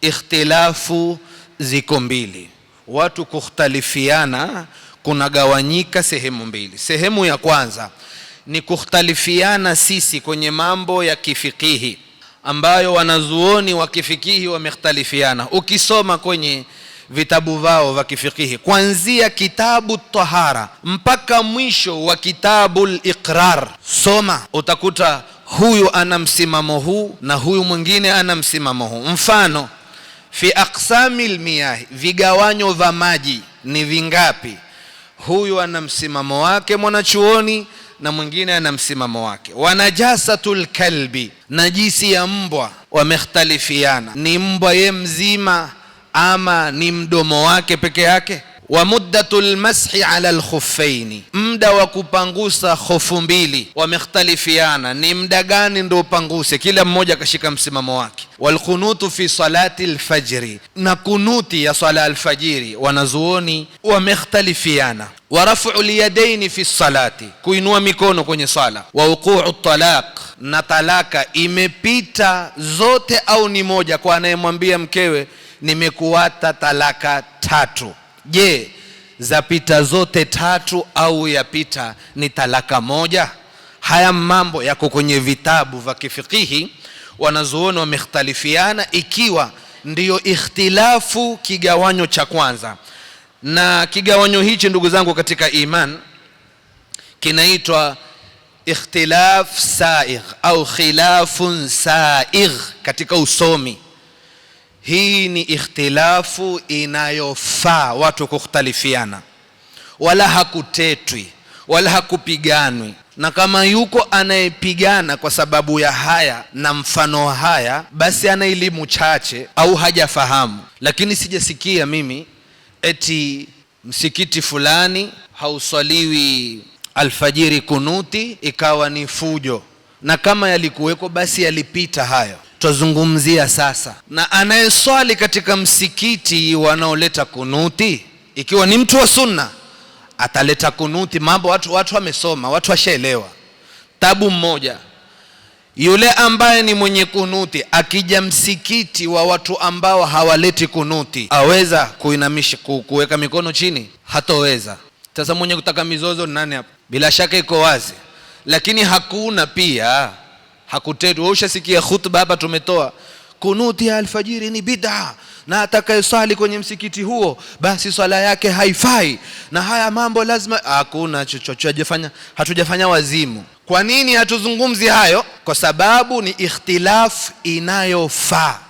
Ikhtilafu ziko mbili, watu kukhtalifiana kunagawanyika sehemu mbili. Sehemu ya kwanza ni kukhtalifiana sisi kwenye mambo ya kifikihi ambayo wanazuoni wa kifikihi wamekhtalifiana. Ukisoma kwenye vitabu vao vya kifikihi kuanzia kitabu tahara mpaka mwisho wa kitabu liqrar, soma utakuta huyu ana msimamo huu na huyu mwingine ana msimamo huu. Mfano, fi aqsami lmiyahi, vigawanyo vya maji ni vingapi? Huyu ana msimamo wake mwanachuoni na mwingine ana msimamo wake. wanajasatu kalbi, najisi ya mbwa, wamekhtalifiana, ni mbwa ye mzima ama ni mdomo wake peke yake wa muddatu mashi ala alkhuffaini, mda wa kupangusa khofu mbili. Wamekhtalifiana ni mda gani ndio upanguse, kila mmoja akashika msimamo wake. Walqunutu fi salati alfajri, na kunuti ya sala alfajiri, wanazuoni wamekhtalifiana. Wa rafu lyadaini fi salati, kuinua mikono kwenye sala. Wa wuquu talaq, na talaka imepita zote au ni moja, kwa anayemwambia mkewe nimekuwata talaka tatu Je, zapita zote tatu au yapita ni talaka moja? Haya mambo yako kwenye vitabu vya kifikihi, wanazuoni wamekhtalifiana ikiwa ndiyo ikhtilafu kigawanyo cha kwanza. Na kigawanyo hichi ndugu zangu katika iman kinaitwa ikhtilaf saigh au khilafun saigh katika usomi hii ni ikhtilafu inayofaa watu kukhtalifiana, wala hakutetwi wala hakupiganwi. Na kama yuko anayepigana kwa sababu ya haya na mfano haya, basi ana elimu chache au hajafahamu. Lakini sijasikia mimi eti msikiti fulani hauswaliwi alfajiri kunuti ikawa ni fujo, na kama yalikuweko basi yalipita hayo twazungumzia sasa. Na anayeswali katika msikiti wanaoleta kunuti, ikiwa ni mtu wa sunna ataleta kunuti. Mambo watu watu wamesoma, watu washaelewa. Tabu mmoja, yule ambaye ni mwenye kunuti akija msikiti wa watu ambao hawaleti kunuti, aweza kuinamisha kuweka mikono chini? Hatoweza. Sasa mwenye kutaka mizozo nani hapa? Bila shaka iko wazi, lakini hakuna pia hakutendwi. Wewe ushasikia khutba hapa tumetoa kunuti ya alfajiri ni bid'a, na atakayesali kwenye msikiti huo basi swala yake haifai, na haya mambo lazima hakuna chochote hatujafanya wazimu. Kwa nini hatuzungumzi hayo? Kwa sababu ni ikhtilafu inayofaa